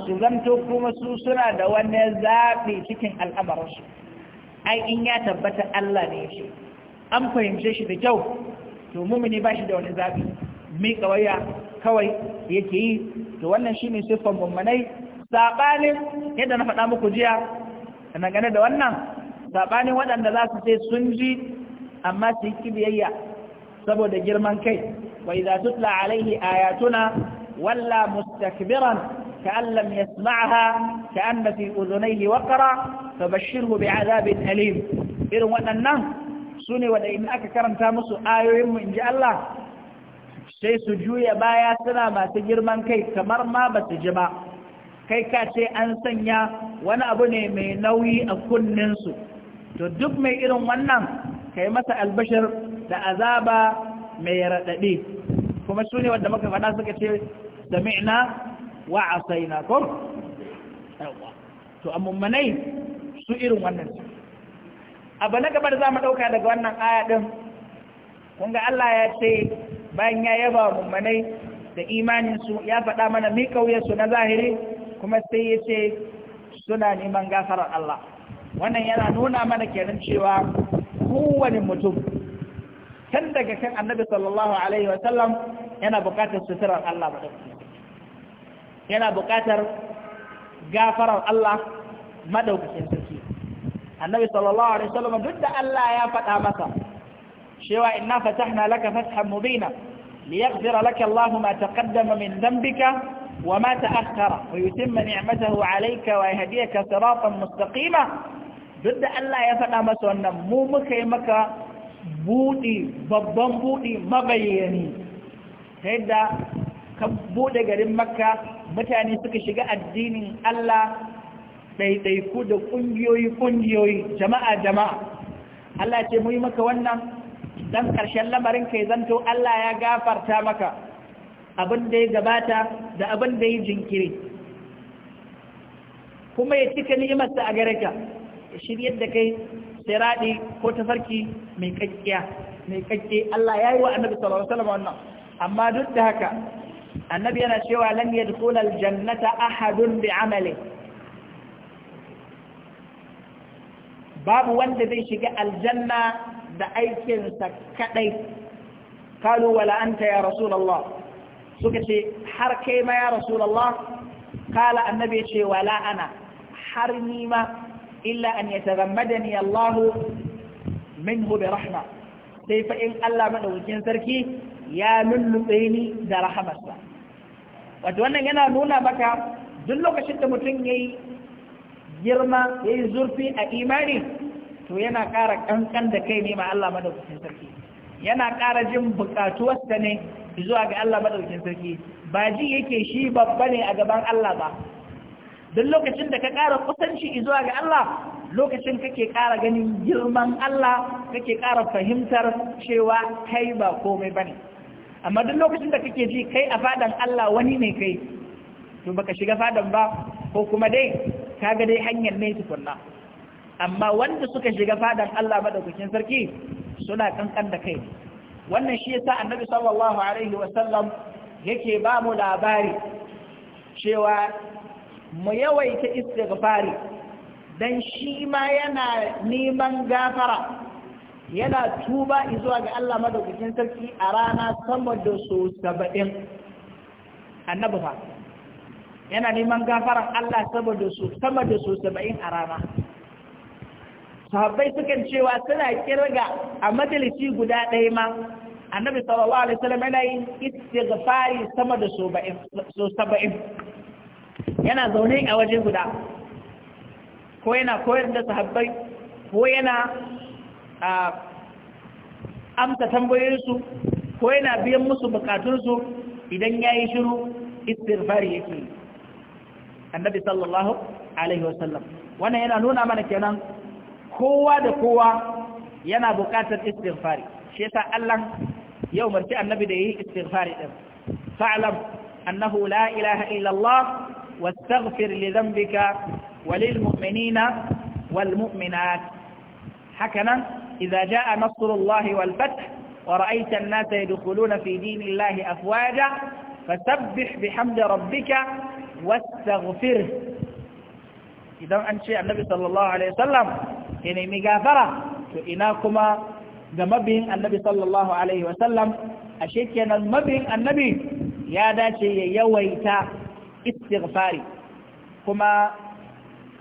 su zanto kuma su suna da wani zaɓi cikin al'amarinsu ai in ya tabbata Allah ne shi an fahimce shi da kyau to mumini ba shi da wani zaɓi mai kawai kawai yake yi to wannan shine siffan mummunai saɓanin yadda na faɗa muku jiya na gane da wannan saɓanin waɗanda za su ce sun ji amma su yi kibiyayya saboda girman kai wai idza tutla alaihi ayatuna walla mustakbiran ka'an lam yasma'ha ka'anna fi udhunayhi waqra fabashshirhu azabin alim irin waɗannan su ne wanda in aka karanta musu mu in ji Allah sai su juya baya suna masu girman kai kamar ma ba su ji ba kai ka ce an sanya wani abu ne mai nauyi a kunninsu to duk mai irin wannan kai masa albashir da azaba mai raɗaɗi kuma su ne wanda muka faɗa suka ce sami'na wa asaina ko to amummanai su irin wannan abu na gaba da za mu ɗauka daga wannan aya ɗin kun ga Allah ya ce bayan ya yaba mummanai da imaninsu ya faɗa mana mi su na zahiri kuma sai ya ce suna neman gafarar Allah wannan yana nuna mana kenan cewa kowane mutum tun daga kan annabi sallallahu alaihi wasallam yana bukatar suturar Allah ba yana bukatar gafarar Allah madaukakin sarki annabi sallallahu alaihi wasallam duk da Allah ya faɗa masa cewa inna fatahna laka fathan mubina liyaghfira laka Allah ma taqaddama min dhanbika وما تأخر ويتم نعمته عليك ويهديك صراطا مستقيما duk da Allah ya faɗa masa wannan mu muka yi maka buɗi babban budi mabayyani ta yadda ka buɗe garin makka mutane suka shiga addinin Allah ɗaiɗaiku da kungiyoyi-kungiyoyi jama'a jama'a Allah ce mu yi maka wannan dan ƙarshen lamarin kai zanto Allah ya gafarta maka abin da ya gabata da abin da ya jinkiri kuma ya cika ni'imarsa a gare ka ya shirya da kai siradi ko tafarki mai kakkiya mai kakke Allah ya yi wa annabi sallallahu alaihi wasallam wannan amma duk da haka annabi yana cewa lan yadkhul aljannata ahadun bi amale babu wanda zai shiga aljanna da aikinsa kadai قالوا ولا أنت يا رسول الله suka ce har kai ma ya rasulallah kala annabi ce wala ana har ni ma illa an yatagammadani Allah minhu bi rahma sai fa in Allah madaukakin sarki ya lullube ni da rahamarsa wato wannan yana nuna maka duk lokacin da mutum yayi girma yayi zurfi a imani to yana ƙara kankan da kai ne ma Allah madaukakin sarki yana ƙara jin buƙatuwarsa ne zuwa ga Allah maɗaukin sarki ba ji yake shi babba ne a gaban Allah ba don lokacin da ka ƙara kusanci zuwa ga Allah lokacin kake ƙara ganin girman Allah kake ƙara fahimtar cewa kai ba komai ne amma duk lokacin da kake ji kai a fadan Allah wani ne kai to baka shiga fadan ba ko kuma dai kaga dai hanyar ne tukunna amma wanda suka shiga fadan Allah maɗaukakin sarki suna kankan da kai wannan shi yasa annabi sallallahu alaihi wasallam yake ba mu labari cewa mu yawaita istighfari dan shi ma yana neman gafara yana tuba zuwa ga Allah madaukakin sarki a rana sama da so 70 annabi fa yana neman gafaran Allah saboda so sama da so 70 a rana sahabbai sukan cewa suna kirga a majalisi guda ɗaya ma annabi sallallahu alaihi wasallam yana yin istighfari sama da so 70 yana zaune a waje guda ko yana koyar da sahabbai ko yana amsa tambayoyinsu ko yana biyan musu bukatunsu idan ya yi shiru istighfari yake annabi sallallahu alaihi wasallam wannan yana nuna mana kenan kowa da kowa yana buƙatar istighfari shi yasa Allah ya umarci annabi da yi istighfari din fa'lam annahu la ilaha illa Allah wastaghfir li dhanbika wa lil mu'minina wal mu'minat hakana idza jaa nasrullahi wal fath wa ra'aita an-nasa yadkhuluna fi dinillahi afwaja fasabbih bihamdi rabbika wastaghfir idan an ce annabi sallallahu alaihi wasallam ya nemi gafara to ina kuma ga mabiyin annabi sallallahu alaihi wasallam ashe kenan mabiyin annabi ya dace ya yawaita istighfari kuma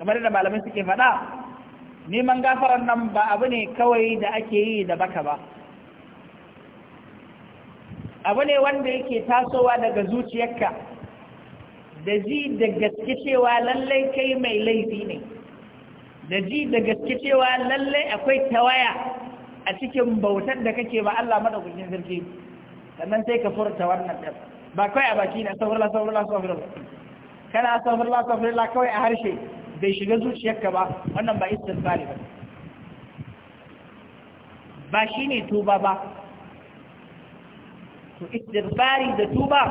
kamar da malamai suke faɗa neman gafaran nan ba abu ne kawai da ake yi da baka ba abu ne wanda yake tasowa daga zuciyarka da ji da gaske cewa lallai kai mai laifi ne da ji da gaske cewa lallai akwai tawaya a cikin bautar da kake ba Allah madaukakin sarki sannan sai ka furta wannan ɗan ba kawai a baki na saurala saurala saurala kana saurala saurala kawai a harshe bai shiga zuciyarka ba wannan ba istighfari ba ba shine tuba ba to istighfari da tuba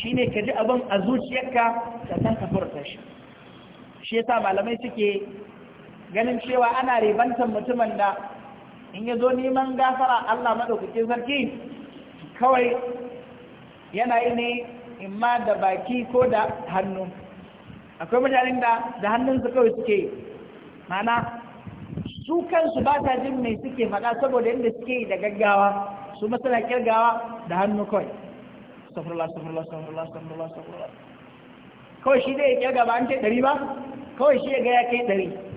shine ka ji abin a zuciyarka sannan ka furta shi shi yasa malamai suke ganin cewa ana ribantar mutumin da in ya zo neman gafara Allah maɗaukakin sarki kawai yana yi ne imma da baki ko da hannu akwai mutanen da da hannunsu kawai suke mana su kansu ba ta jin mai suke faɗa saboda yadda suke da gaggawa su masana kirgawa da hannu kawai safirla safirla safirla safirla safirla kawai shi dai ya kirga ba an ce ɗari ba kawai shi ya ga ya kai ɗari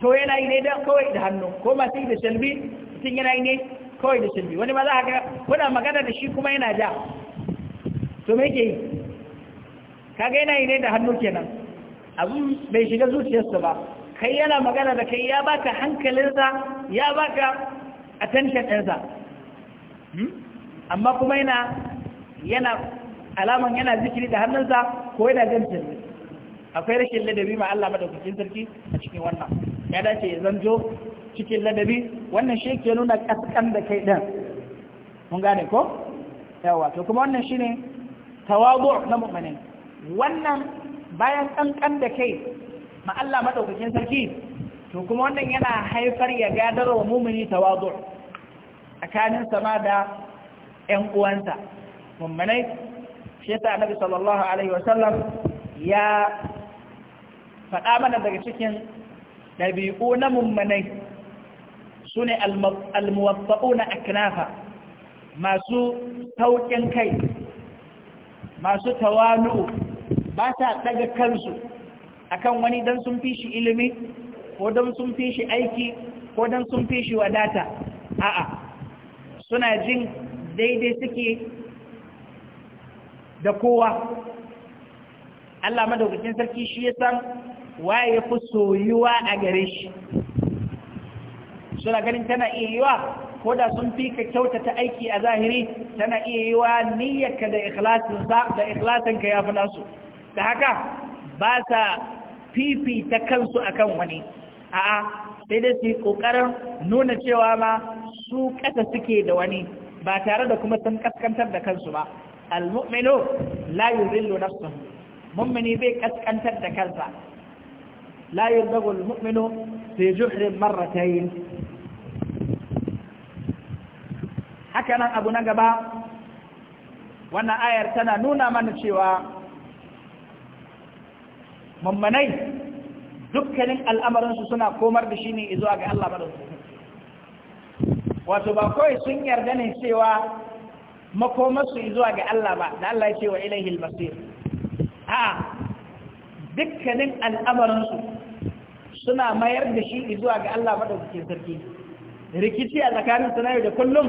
to yana yi ne kawai da hannu ko masu yi da shalbi mutum yana yi ne kawai da shalbi wani ma za a ga kuna magana da shi kuma yana ja to me ke yi kaga yana yi ne da hannu kenan abin bai shiga zuciyarsa ba kai yana magana da kai ya baka hankalinsa ya baka attention ɗinsa hmm? amma kuma yana yana alaman yana zikiri da hannunsa ko yana jan akwai rashin ladabi ma Allah madaukakin sarki a cikin wannan ya dace zan zanto cikin ladabi wannan shi ke nuna kaskan da kai ɗan mun gane ko yawa to kuma wannan shine tawadu na mu'minin wannan bayan kankan da kai ma'alla Allah madaukakin sarki to kuma wannan yana haifar ya gadar wa mumini tawadu tsakanin sama da ƴan uwansa mummunai shi ta nabi sallallahu alaihi wasallam ya faɗa mana daga cikin ɗabi'u na mummanai su ne almuwaffa'u na aknafa masu taukin kai masu tawanu'u ba sa ɗaga kansu akan wani don sun fi shi ilimi ko don sun fi shi aiki ko don sun fi shi wadata a'a suna jin daidai suke da kowa Allah madaukakin sarki shi ya san waye ya fi soyuwa a gare shi suna ganin tana iya yiwa ko da sun fi ka ta aiki a zahiri tana iya yiwa niyyarka da ikhlasinsa da ikhlasinka ya fi nasu da haka ba sa fifita kansu akan wani a'a sai dai su ƙoƙarin nuna cewa ma su ƙasa suke da wani ba tare da kuma sun kaskantar da kansu ba al-mu'minu la yuzillu nafsuhu mu'mini bai kaskantar da kansa لا يلدغ المؤمن في جحر مرتين hakanan abu na gaba wannan ayar tana nuna mana cewa mummanai dukkanin al'amarinsu suna komar da shi ne zuwa ga Allah maɗansu wato ba kawai sun yarda ne cewa makomarsu zuwa ga Allah ba da Allah ya ce wa ilaihi dukkanin suna mayar da shi zuwa ga Allah maɗaukakin sarki rikici a tsakanin sanayi da kullum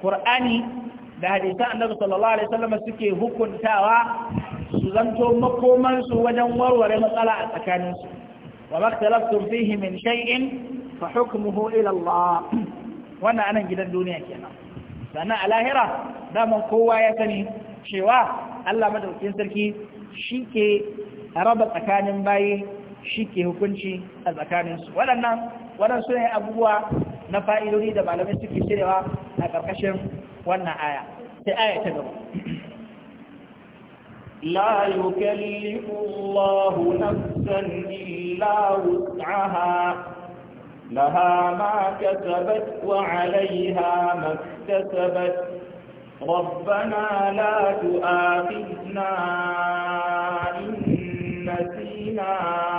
ƙur'ani da hadisan annabi sallallahu alaihi wasallam suke hukuntawa su zanto su wajen warware matsala a tsakaninsu wa maktalaftum fihi min shay'in fa hukmuhu ila Allah wannan anan gidan duniya kenan sannan a lahira daman kowa ya sani cewa Allah madaukakin sarki shi ke raba tsakanin bayi shi ke hukunci a tsakaninsu waɗannan waɗansu sune abubuwa na fa'idodi da malamai suke cirewa a ƙarƙashin wannan aya sai aya ta gaba La yukallifu Allahu nafsan illa wus'aha laha ma kasabat wa 'alayha ma kasabat Rabbana la tu'akhidna in nasina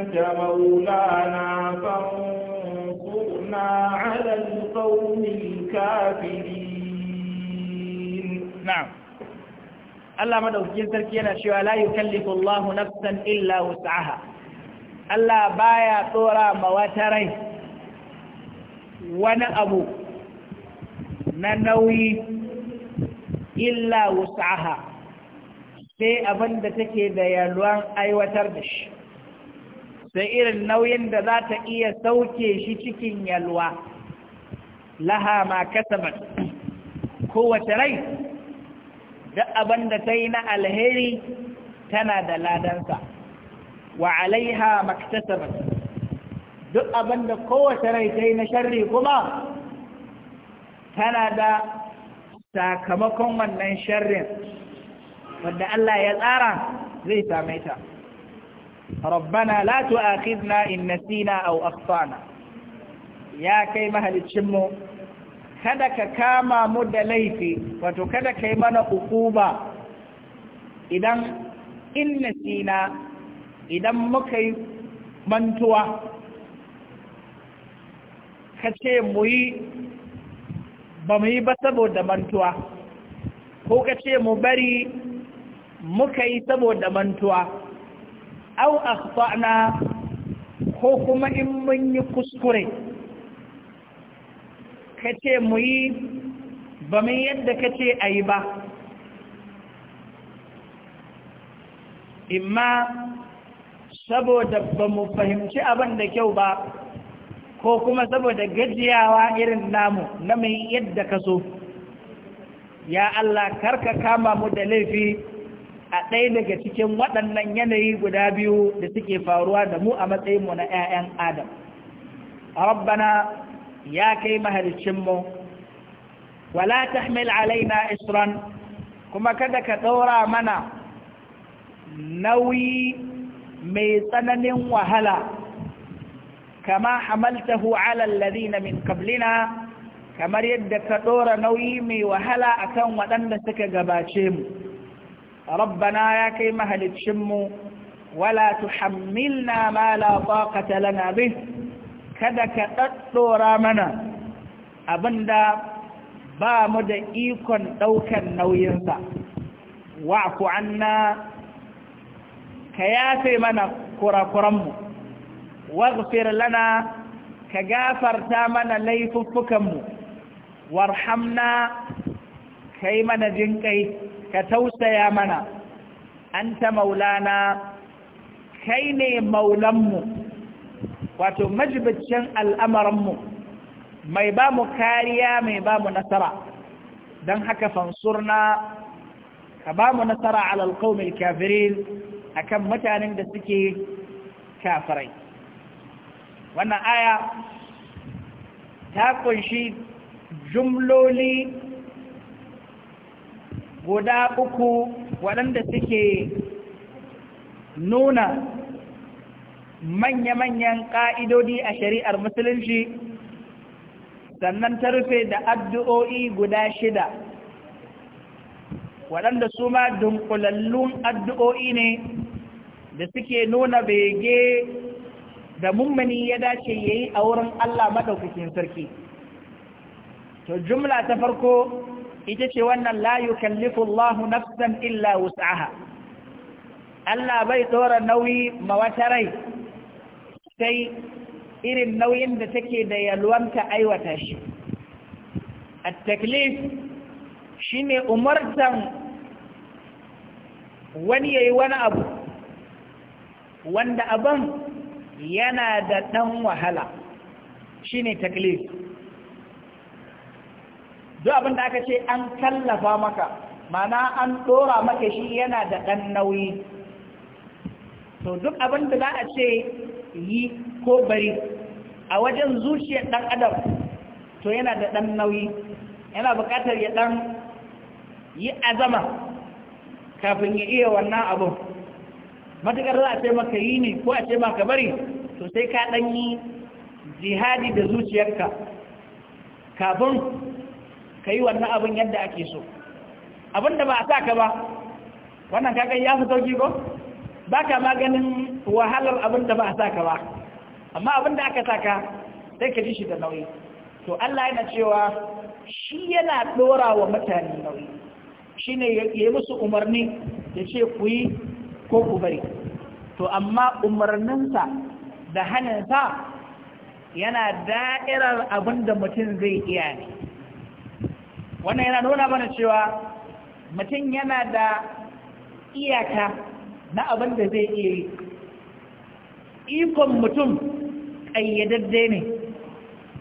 أنت مولانا فانصرنا على القوم الكافرين نعم Allah madaukakin sarki yana cewa la yukallifu Allahu nafsan illa wus'aha Allah baya tsora ma wata rai wani abu na nauyi illa wus'aha sai abinda take da yalwan aiwatar da shi da irin nauyin da za ta iya sauke shi cikin yalwa laha ma kasabat kowace rai duk abin da ta na alheri tana da ladansa wa alaiha maktasabat duk abin da kowace rai ta na sharri kuma tana da sakamakon wannan sharrin wadda Allah ya tsara zai same ta. rabbana la tu'akhidna in nasina aw akhtana ya kai mahalicin mu kada ka kama mu da laifi wato kada kai mana hukuma idan in nasina idan muka yi mantuwa ka mu yi ba mu yi ba saboda mantuwa ko ka mu bari muka yi saboda mantuwa au akhtana ko kuma in mun yi kuskure kace mu yi ba mun yadda kace ayi ba imma saboda ba mu fahimci abin da kyau ba ko kuma saboda gajiyawa irin namu na mai yadda ka so ya Allah karka kama mu da laifi a ɗaya daga cikin waɗannan yanayi guda biyu da suke faruwa da mu a matsayinmu na 'ya'yan adam rabbana ya kai mahalicinmu wala tahmil alaina isran kuma kada ka ɗora mana nauyi mai tsananin wahala kama hamaltahu ala ladina min kablina, kamar yadda ka ɗora nauyi mai wahala akan waɗanda suka gabace mu ربنا يا كيما هل تشمو ولا تحملنا ما لا طاقة لنا به كدك تطور منا أبندا بامد إيكن دوكا نويرتا واعفو عنا كياسي منا كرا كرم واغفر لنا كجافر تامنا ليففكم وارحمنا كيما نجنكي ka tausaya mana an ta maulana kai ne maulanmu wato majibicin al'amuranmu mai ba mu kariya mai ba mu nasara don haka fansurna ka ba mu nasara alal qaumil a akan mutanen da suke kafirai wannan aya ta ƙunshi jumloli guda uku waɗanda suke nuna manya-manyan ƙa'idodi a shari'ar musulunci sannan ta rufe da addu'o'i guda shida waɗanda su ma dunkulallun addu'o'i ne da suke nuna bege da mummuni ya dace ya yi a wurin Allah maɗaukakin sarki. To jumla ta farko ita ce wannan layu kallifullahu nafsan illa wus'aha Allah bai tsora nauyi ma wata rai sai irin nauyin da take da yalwanta aiwata shi A taklif ne umartan wani yayi wani abu wanda abin yana da ɗan wahala shine taklif duk abin da aka ce an tallafa maka mana an ɗora maka shi yana da ɗan nauyi to duk abin da za a ce yi ko bari a wajen zuciyar ɗan adam to yana da ɗan nauyi yana buƙatar ya ɗan yi azama kafin ya iya wannan abun. matuƙar za a ce maka yi ne ko a ce maka bari to sai ka ɗan yi jihadi da zuciyarka kafin ka yi wannan abin yadda ake so abin da ba a sa ka ba wannan kakai ya fi sauki ko ba ka maganin wahalar abin da ba a sa ka ba amma abin da aka sa ka sai ka ji shi da nauyi to Allah yana cewa shi yana ɗora wa mutane nauyi shi ne ya yi musu umarni ya ce ku yi ko ku bari to amma umarninsa da hannunsa yana da'irar abin da mutum zai iya ne wannan yana nuna mana cewa mutum yana da iyaka na abin da zai iya yi ikon mutum ƙayyadadde ne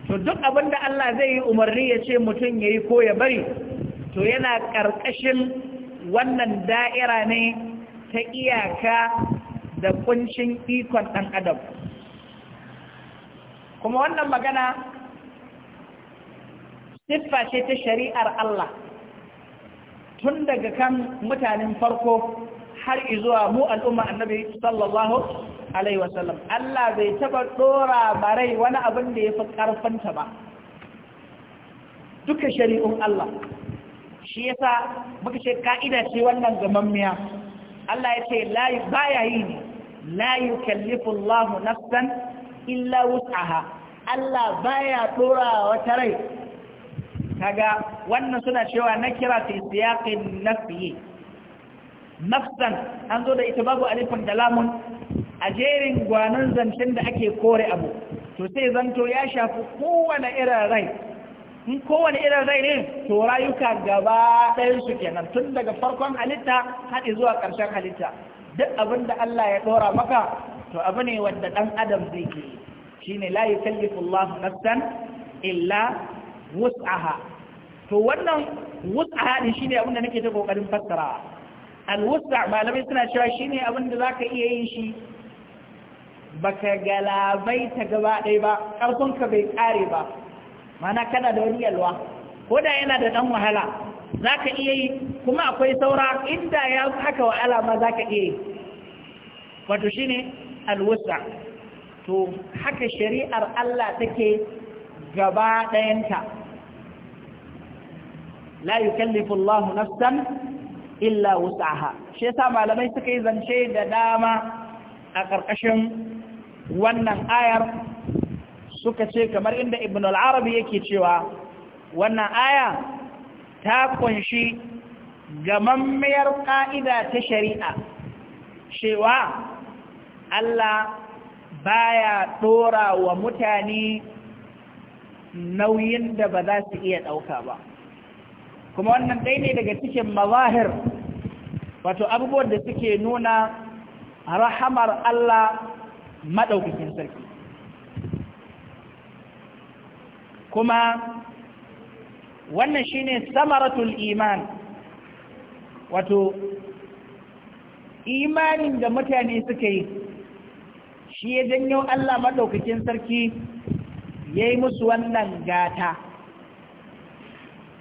to duk abin da Allah zai yi umarni ya ce mutum ya yi ko ya bari to yana ƙarƙashin wannan da'ira ne ta iyaka da ƙunshin ikon ɗan adam kuma wannan magana siffa ce ta shari'ar Allah tun daga kan mutanen farko har izuwa mu al'umma annabi sallallahu alaihi wasallam Allah bai taba dora barai wani abin da ya fi karfanta ba duka shari'un Allah shi yasa muka ce ka'ida ce wannan gamammiya Allah ya ce la baya yi ne la yukallifu Allah nafsan illa wus'aha Allah baya dora wata rai kaga wannan suna cewa na kira fi siyaqin nafyi nafsan an zo da ita babu alifin da lamun a jerin gwanon zancen da ake kore abu to sai zanto ya shafi kowane irin rai in kowane irin rai ne to rayuka gaba ɗayan su kenan tun daga farkon halitta haɗi zuwa ƙarshen halitta duk abin da Allah ya ɗora maka to abu ne wanda ɗan adam zai ke shine la yukallifu Allah nafsan illa wus'aha to wannan wus'a haɗin shine abin da nake ta ƙoƙarin fassara al-wus'a malamai suna cewa shi ne abin da ka iya yin shi ba ka galabai ta gaba ɗaya ba ƙarfinka bai ƙare ba mana kana da wani yalwa ko da yana da ɗan wahala Za ka iya yi kuma akwai saura inda ya haka wahala ma ka iya yi wato shine ne wusa to haka shari'ar Allah take gaba ɗayanta la yukallifu Allahu nafsan illa wus'aha shi yasa malamai suka yi zance da dama a ƙarƙashin wannan ayar suka ce kamar inda Ibn al-Arabi yake cewa wannan aya ta kunshi gamammiyar ƙa'ida ta shari'a cewa Allah baya ɗora wa mutane nauyin da ba za su iya ɗauka ba. kuma wannan dai ne daga cikin mazahir wato abubuwan da suke nuna rahamar Allah maɗaukakin sarki kuma wannan shine samaratul iman wato imanin da mutane suka yi shi ya janyo Allah maɗaukakin sarki ya yi musu wannan gata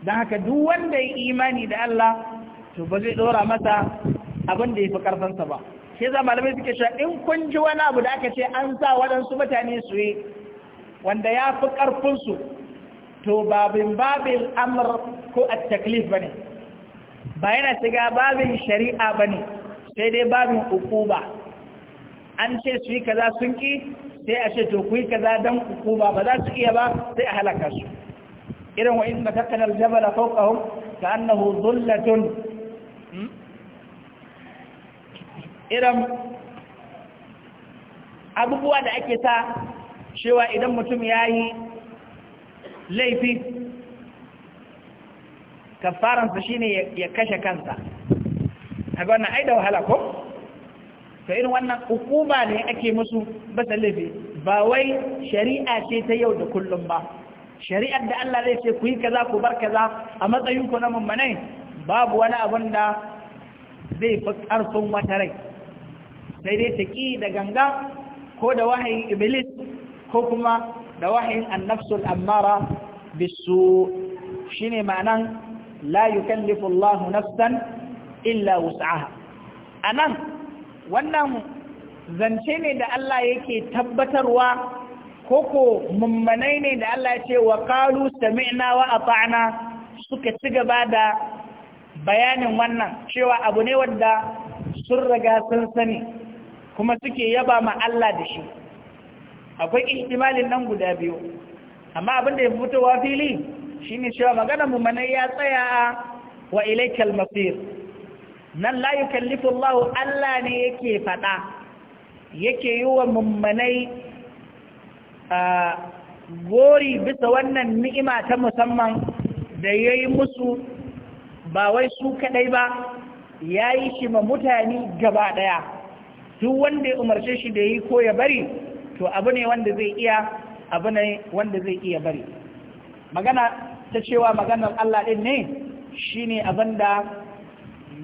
don haka duk wanda ya imani da Allah to ba zai dora masa abin da ya fi karfansa ba shi za malamai suke sha in kun ji wani abu da aka ce an sa waɗansu mutane su yi wanda ya fi ƙarfinsu to babin babin amur ko a taklif ba ne ba yana shiga babin shari'a ba ne sai dai babin ukuba an ce su yi kaza sun ki sai a ce to ku yi kaza don ukuba ba za su iya ba sai a halaka su irin wa in matakana aljabala fawqahum ka'annahu dhullatun hmm? irin abubuwa da ake sa cewa idan mutum ya yi laifi kafaransa shine ya kashe kansa a wannan aida wahala ko ta irin wannan hukuma ne ake musu basa laifi ba wai shari'a ce ta yau da kullum ba shari'ar da Allah zai ce ku yi kaza ku bar kaza a matsayin ku na mummanai babu wani abin da zai fi ƙarfin wata rai sai dai ta ƙi da ganga ko da wahayin iblis ko kuma da wahayin annafsul ammara bisu ne ma'anan la yukallifu Allah nafsan illa A anan wannan zance ne da Allah yake tabbatarwa koko mummanai ne da Allah ya ce wa kalu sami'na wa ata'na suka ci gaba da bayanin wannan cewa abu ne wanda sun riga sun sani kuma suke yaba ma Allah da shi akwai ihtimalin nan guda biyu amma abin da ya fito wa fili shine cewa magana mummanai ya tsaya wa ilaikal masir nan la yukallifu Allah Allah ne yake fada yake yi wa mummanai gori bisa wannan ni'ima ta musamman da ya yi musu ba wai su kaɗai ba ya yi shi ma mutane gaba ɗaya duk wanda ya umarce shi da yi ko ya bari to abu ne wanda zai iya abu ne wanda zai iya bari magana ta cewa maganar Allah ɗin ne shi ne abin da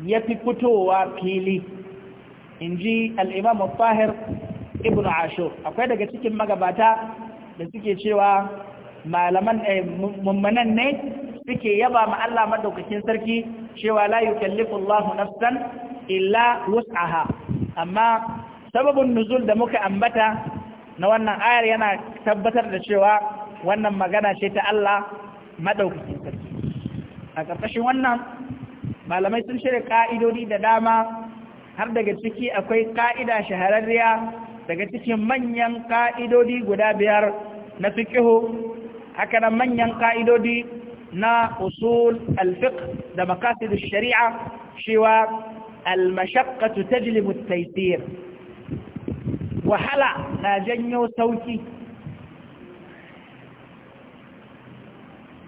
ya fi fitowa fili in ji al'imam Fahir ibn ashur akwai daga cikin magabata da suke cewa malaman eh, mummanan ne suke yaba ma Allah madaukakin sarki cewa la yukallifu Allahu nafsan illa wus'aha amma sababin nuzul da muka ambata na wannan ayar yana tabbatar da cewa wannan magana ce ta Allah madaukakin sarki a ƙarƙashin wannan malamai sun shirya ka'idodi da dama har daga ciki akwai ka'ida shahararriya daga cikin manyan ka'idodi guda biyar na fikihu haka nan manyan ka'idodi na usul alfiq da makasid shari'a cewa almashaqqatu tajlibu at-taysir wahala na janyo sauki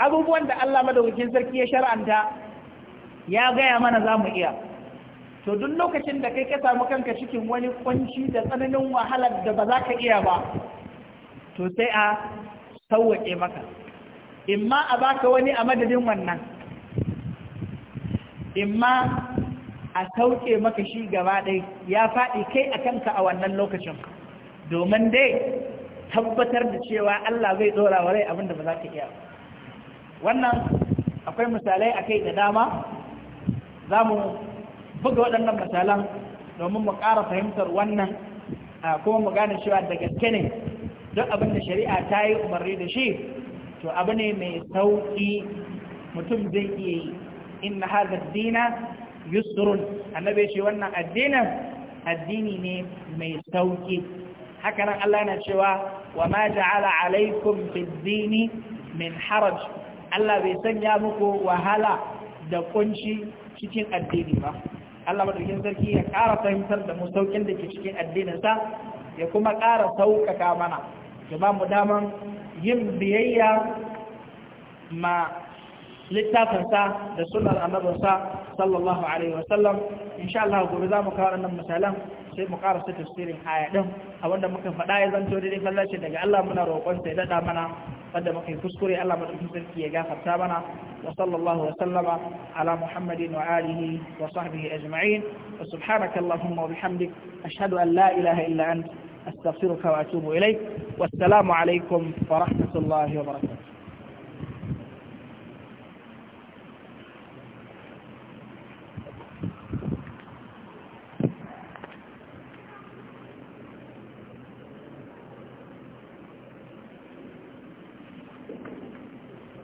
abubuwan da Allah madaukakin sarki ya shar'anta ya gaya mana zamu iya to duk lokacin da kai ka samu kanka cikin wani kwanci da tsananin wahalar da ba za ka iya ba to sai a sauwaƙe maka imma a baka wani a madadin wannan imma a sauke maka shi gaba ɗai ya faɗi kai a kanka a wannan lokacin domin dai tabbatar da cewa Allah zai ɗora wa rai abinda ba za ka iya wannan akwai misalai a kai da dama za buga waɗannan misalan domin mu ƙara fahimtar wannan kuma mu gane cewa da gaske ne duk abin da shari'a ta yi umarni da shi to abu ne mai sauƙi mutum zai iya yi na hadha dina yusrun annabi shi wannan addinin addini ne mai sauƙi haka nan Allah yana cewa wa ma ja'ala alaikum fid-dini min haraj Allah bai sanya muku wahala da kunci cikin addini ba Allah madaukakin sarki ya ƙara fahimtar da mu saukin da ke cikin addininsa ya kuma ƙara sauƙaƙa mana ya ba mu daman yin biyayya ma littafinsa da sunar annabinsa sallallahu alaihi wasallam insha Allah gobe za mu kawo wannan misalan sai mu karasa tafsirin aya din abinda muka faɗa ya zanto daidai fallace daga Allah muna roƙon sai dada mana wanda muka yi kuskure Allah madaukakin sarki ya gafarta mana wa sallallahu wa sallama ala muhammadin wa alihi wa sahbihi ajma'in wa subhanaka allahumma wa bihamdik ashhadu an la ilaha illa ant astaghfiruka wa atubu ilaik wassalamu alaikum wa rahmatullahi wa barakatuh